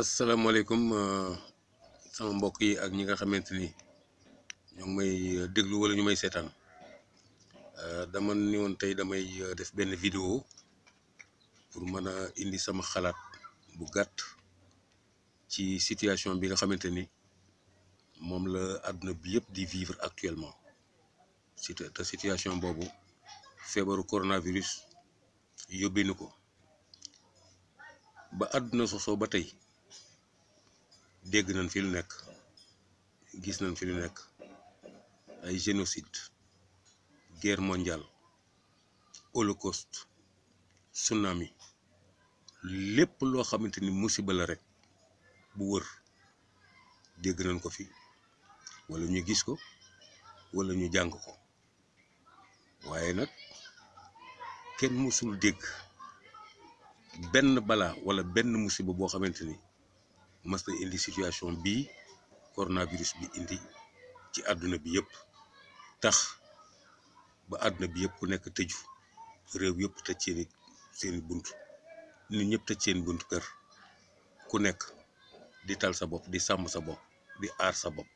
asalaamaaleykum euh, sama mbokk yi ak ñi nga xamante ni ñoo ngi may euh, déglu wala ñu may seetaan euh, dama ni woon tey damay def benn vidéo pour mën a indi sama xalaat bu gàtt ci situation bi nga xamante ni moom la àdduna bi yëpp di vivre actuellement si situation boobu feebaru coronavirus yóbbee na ko ba àdduna sosoo ba tey. dégg nañ fi lu nekk gis nañ fi lu nekk ay génocide guerre mondiale holocauste tsunami lépp loo xamante ni musiba la rek bu wër dégg nañ ko fi wala ñu gis ko wala ñu jàng ko waaye nag kenn musul dégg benn balaa wala benn musiba boo xamante ni mas na indi situation bii coronavirus bi indi ci àdduna bi yëpp tax ba àdduna bi yëpp ku nekk tëju réew yëpp tëj seeni seeni bunt nit ñëpp tëj seen bunt kër ku nekk di tal sa bopp di sàmm sa bopp di aar sa bopp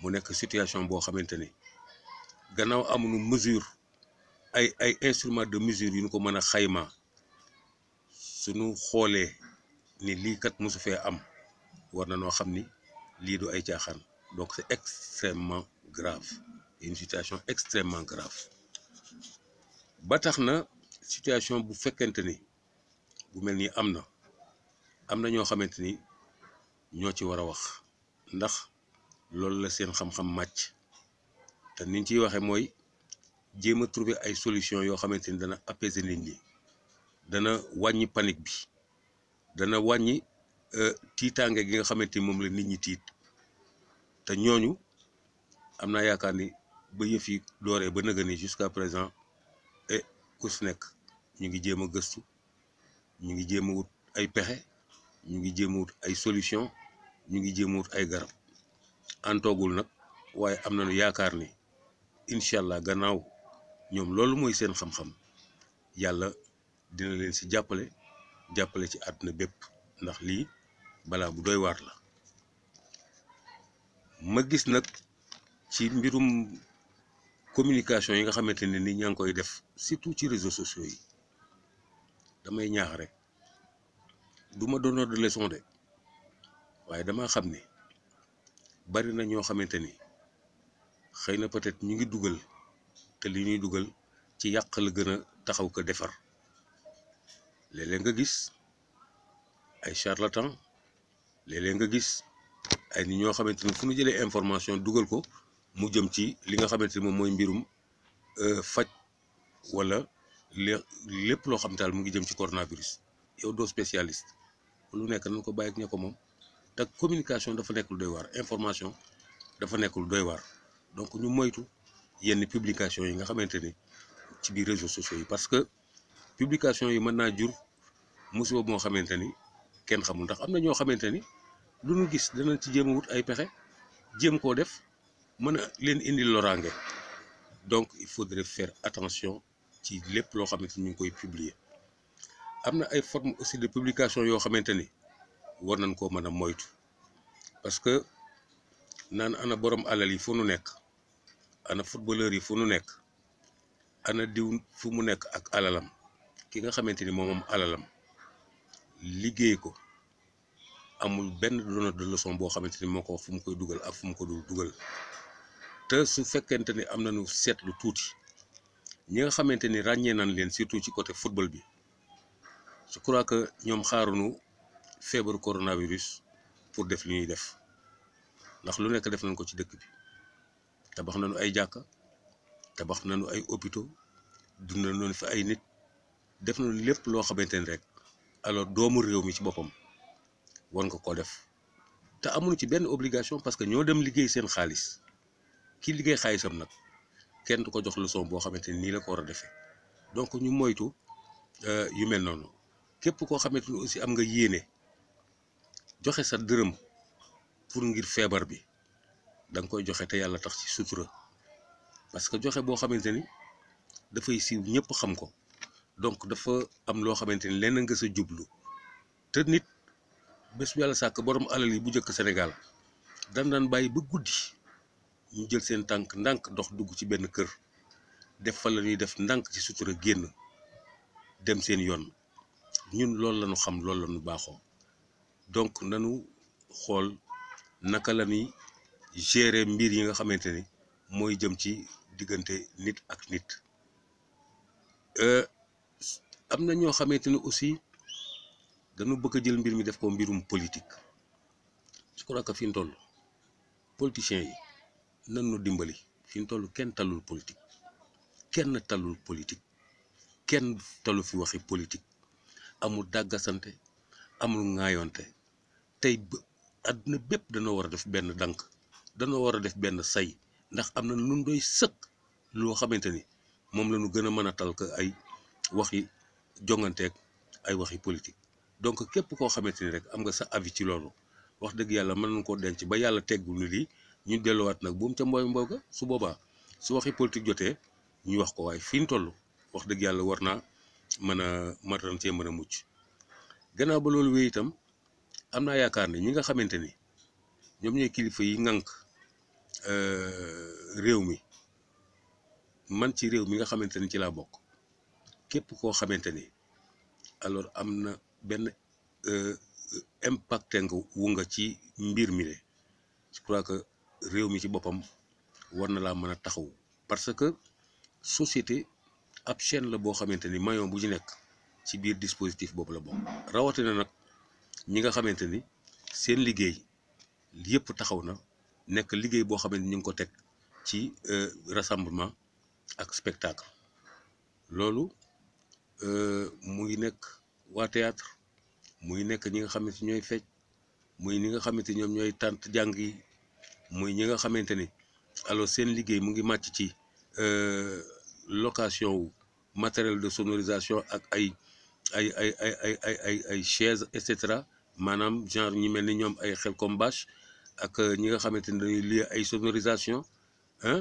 mu nekk situation boo xamante ni gannaaw amuñu mesure ay ay instrument de mesure yu ñu ko mën a xayma nu xoolee ni lii kat mosu fee am war na noo xam ni lii du ay caaxaan donc c'est extrêmement grave une situation extrêmement grave ba tax na situation bu fekkente ni bu mel nii am na am na ñoo xamante ni ñoo ci war a wax ndax loolu la seen xam-xam màcc te niñ ciy waxee mooy jéem a trouver ay solution yoo xamante ni dana apaiser nit ñi dana wàññi panique bi dana wàññi Euh, tiitaange gi nga xamante ni moom la nit ñi tiit te ñooñu am naa yaakaar ni ba yëf yi dooree ba nëga ni jusqu'à présent et eh, ku si nekk ñu ngi jéem a gëstu ñu ngi jéem a wut ay pexe ñu ngi jéem a wut ay solution ñu ngi jéem a wut ay garab antoogul nag waaye am na nañu yaakaar ni incha allah gannaaw ñoom loolu mooy seen xam-xam yàlla dina leen si jàppale jàppale ci àdduna bépp ndax lii balaa bu doy waat la ma gis nag ci mbirum communication yi nga xamante ne ni ñaa ngi koy def surtout ci réseau sociaux yi damay ñaax rek duma ma donneur de leçon de waaye dama xam ni bari na ñoo xamante ni xëy na peut-être ñu ngi dugal te li ñuy dugal ci yàq la gën a taxaw ko defar léeg nga gis ay charlatan léeg nga gis ay nit ñoo xamante ni fu ñu jëlee information dugal ko mu jëm ci li nga xamante ni moom mooy mbirum euh, faj wala lépp loo xam daal mu ngi jëm ci coronavirus yow doo spécialiste lu nekk nañ ko bàyyi ak ña ko moom te communication dafa nekk lu doy waar information dafa nekk lu doy waar donc ñu moytu yenn publication yi nga xamante ni ci biir réseau sociaux yi parce que publication yi mën naa jur musiba moo xamante ni kenn xamul ndax am na ñoo xamante ni. lu nu gis danañ ci jéem wut ay pexe jéem koo def mën a leen indi loraange donc il faut faudrait faire attention ci lépp loo xamante ni ñu ngi koy publier am na ay formes aussi de publication yoo xamante ni war nañ koo mën a moytu parce que naan ana borom alal yi fu nu nekk ana footballeur yi fu nu nekk ana diw fu mu nekk ak alalam ki nga xamante ni moom moom alalam liggéey ko. amul benn donneur de leçon boo xamante ni moo ko wax fu mu koy dugal ak fu mu ko dugal te su fekkente ni am nañu seetlu tuuti ñu nga xamante ni ràññee nañ leen surtout ci côté football bi je crois que ñoom xaaruñu feebaru coronavirus pour def li ñuy def ndax lu nekk def nañ ko ci dëkk bi tabax nañu ay jàkka tabax nañu ay hôpitaux dund nañu fi ay nit def nu lépp loo xamante ni rek alors doomu réew mi ci boppam. war nga koo def te amul ci benn obligation parce que ñoo dem liggéey seen xaalis ki liggéey xaalisam nag kenn du ko jox leçon boo xamante ni nii la ko war a defee donc ñu moytu euh, yu mel noonu képp koo xamante ni aussi am nga yéene joxe sa dërëm pour ngir feebar bi da nga koy joxe te yàlla tax ci sutura parce que joxe boo xamante ni dafay siiw ñëpp xam ko donc dafa am loo xamante ni lenn nga sa jublu te nit. bés bu yàlla sàkk borom alal yi bu njëkk senegal dan daan bàyyi ba guddi ñu jël seen tànk ndànk dox dugg ci benn kër def fa la ñuy def ndànk ci sutura génn dem seen yoon ñun loolu lañu xam loolu lañu baaxoo donc nanu xool naka la ñuy gérer mbir yi nga xamante ni mooy jëm ci diggante nit ak nit euh, am na ñoo xamante ni aussi dañu bëgg a jël mbir mi def ko mbirum politique je crois que fi mu toll politiciens yi nan nu dimbali fi mu toll kenn talul politique kenn talul politique kenn talu fi waxi politique amul dàggasante amul ŋaayonte tey àdduna bépp danoo war a def benn dànk danoo war a def benn say ndax am na nun doy sëkk loo xamante ni moom la ñu gën a mën a tal ay waxi jonganteeg ay waxi politique donc képp koo xamante ni rek am nga sa avis ci loolu wax dëgg yàlla mën nañ koo denc ba yàlla teggul ni lii ñu delluwaat nag buum ca mbooy mbooy su boobaa su waxi politique jotee ñu wax ko waaye fii ñu toll wax dëgg yàlla war naa mën a matan cee mën a mucc gannaaw ba loolu wéy itam am naa yaakaar ne ñi nga xamante ni ñoom ñooy kilifa yi ŋànk euh, réew mi man ci réew mi nga xamante ni ci laa bokk képp koo xamante ni alors am na benn euh, impacté nga wu nga ci mbir mi de je crois que réew mi ci boppam war na laa mën a taxaw parce que société ab chaîne la boo xamante ni maillon bu ci nekk ci biir dispositif boobu la bokk rawatina nag ñi nga xamante ni seen liggéey yépp taxaw na nekk liggéey boo xamante ñu ngi ko teg ci euh, rassemblement ak spectacle loolu euh, mu ngi nekk. waa théâtre muy nekk ñi nga xamante ñooy feej muy ñi nga xamante ñoom ñooy tànt jàng yi muy ñi nga xamante ni alors seen liggéey mu ngi màcc ci euh, location wu matériel de sonorisation ak ay ay ay ay ay ay ay ay chaise et cetera maanaam genre ñi mel ni ñoom ay xel comme ak euh, ñi nga xamante ni dañuy lié ay sonorisation ah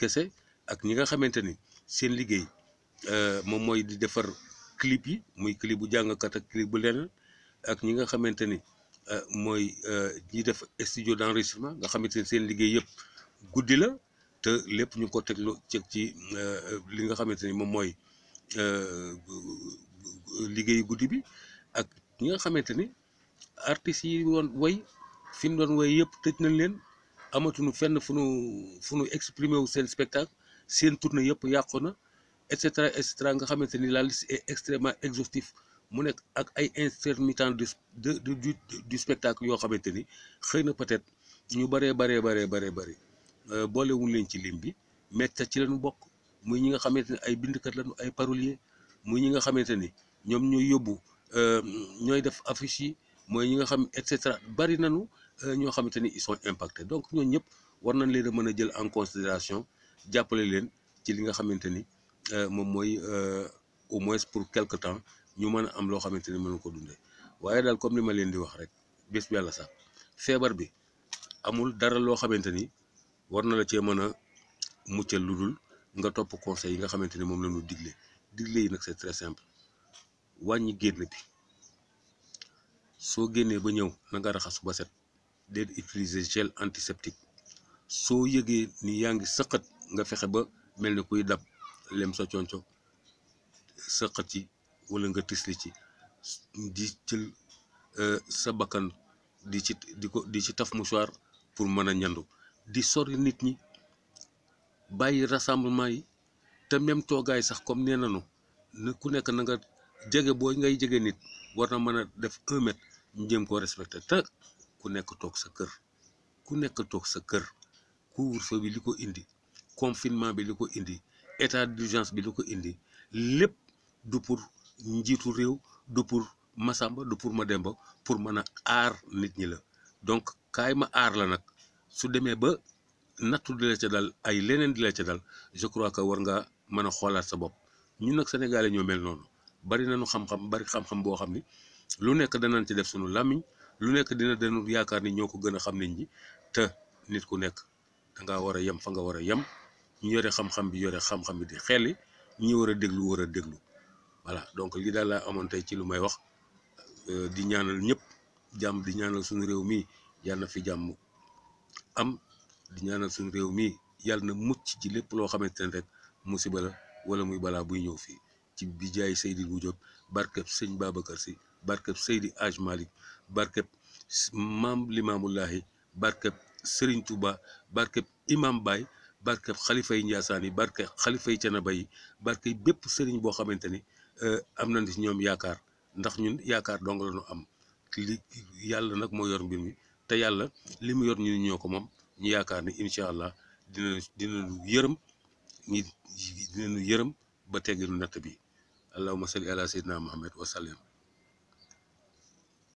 kese ak ñi nga xamante ni seen liggéey moom mooy di defar clip yi muy clip bu jàngkat ak clip bu leneen ak ñi nga xamante ni euh, mooy euh, ñi def studio d'enregistrement nga xamante ni seen liggéey yëpp guddi la te lépp ñu ko teg lu teg ci euh, li nga xamante ni moom mooy liggéeyu guddi bi ak ñi nga xamante ni artistes yi woon woy fi mu doon woy yëpp tëj nañ leen amatuñu fenn fu nu fu exprimer wu seen spectacle seen tournée yëpp yàqu na et cetera et nga xamante ni la liste est extrêmement exhaustive mu nekk ak ay intermittents du de du du spectacle yoo xamante ni xëy na peut-être ñu bëree baree baree bare bëri euh, boolewul leen ci lim bi mais ci lañu bokk muy ñi nga xamante ni ay bindkat lañu ay parolier muy ñi nga xamante ni ñoom ñooy yóbbu euh, ñooy def affiche mooy ñi nga xam et bari bëri nañu euh, ñoo xamante ni ils sont impactés donc ñooñu ñëpp war nañ leen a mën a jël en considération jàppale leen ci li nga xamante ni. Euh, moom mooy euh, au moins pour quelque temps ñu mën a am loo xamante ni mën ko dundee waaye daal comme li ma leen di wax rek bés bi yàlla sax feebar bi amul dara loo xamante ni war na la cee mën a muccal lu dul nga topp conseil yi nga xamante ni moom la ñu digle digle yi nag c'est très simple wàññi génn bi soo génnee ba ñëw na nga raxasu ba set dee utiliser gel antiseptique soo yëgee ni yaa ngi sëqat nga fexe ba mel ni kuy dab. lem sa conco sëqat ci wala nga tisli ci di jël euh, sa bakkan di ci di ko di ci taf mouchoir pour mën a ñandu di sori nit ñi bàyyi rassemblement yi te même toogaay sax comme nee nañu ne ku nekk na nga jege boo ngay jege nit war na mën a def un mètre ñu jéem koo respecté te ku nekk toog sa kër ku nekk toog sa kër couvre bi li ko indi confinement bi li ko indi état d'urgence bi du ko indi lépp du pour njiitu réew du pour Masamba du pour ma Mademba pour mën a aar nit ñi la donc kaay ma aar la nag su demee ba nattu di ca dal ay leneen di la ca dal je crois que war nga mën a xoolaat sa bopp ñun nag sénégalais ñoo mel noonu bari na nu xam-xam bari xam-xam boo xam ni lu nekk danañ ci def sunu làmmiñ lu nekk dina danu yaakaar ni ñoo ko gën a xam nit ñi te nit ku nekk da ngaa war a yem fa nga war a yem. ñu yore xam-xam bi yore xam-xam bi di xelli ñi war a déglu war a déglu voilà donc lii daal laa amoon tey ci lu may wax euh, di ñaanal ñëpp jàmm di ñaanal suñu réew mii yàlla na fi jàmm am di ñaanal suñu réew mii yàlla na mucc ci lépp loo xamante ne rek mu si bala wala muy balaa buy ñëw fii ci bi jaay Seydi Lu Jóob barkeb sëñ Babacar Si barkeb Seydi Aj Malik barkeb maam Limaamu Laahi barkeb Sëriñ Tuuba barkeb Imam Baay barke xalifa yi Njaasaan yi barke xalifa yi Canaba yi barke bépp sëriñ boo xamante ni euh, am nañ si ñoom yaakaar ndax ñun yaakaar dong la ñu am li yàlla nag moo yor mbir mi te yàlla li mu yor ñun ñoo ko moom ñu yaakaar ni incha allah dina dinañu yërëm ñi nu yërëm ba teggi nu natt bi allahumma salli ala sayyidina muhammad wa sallam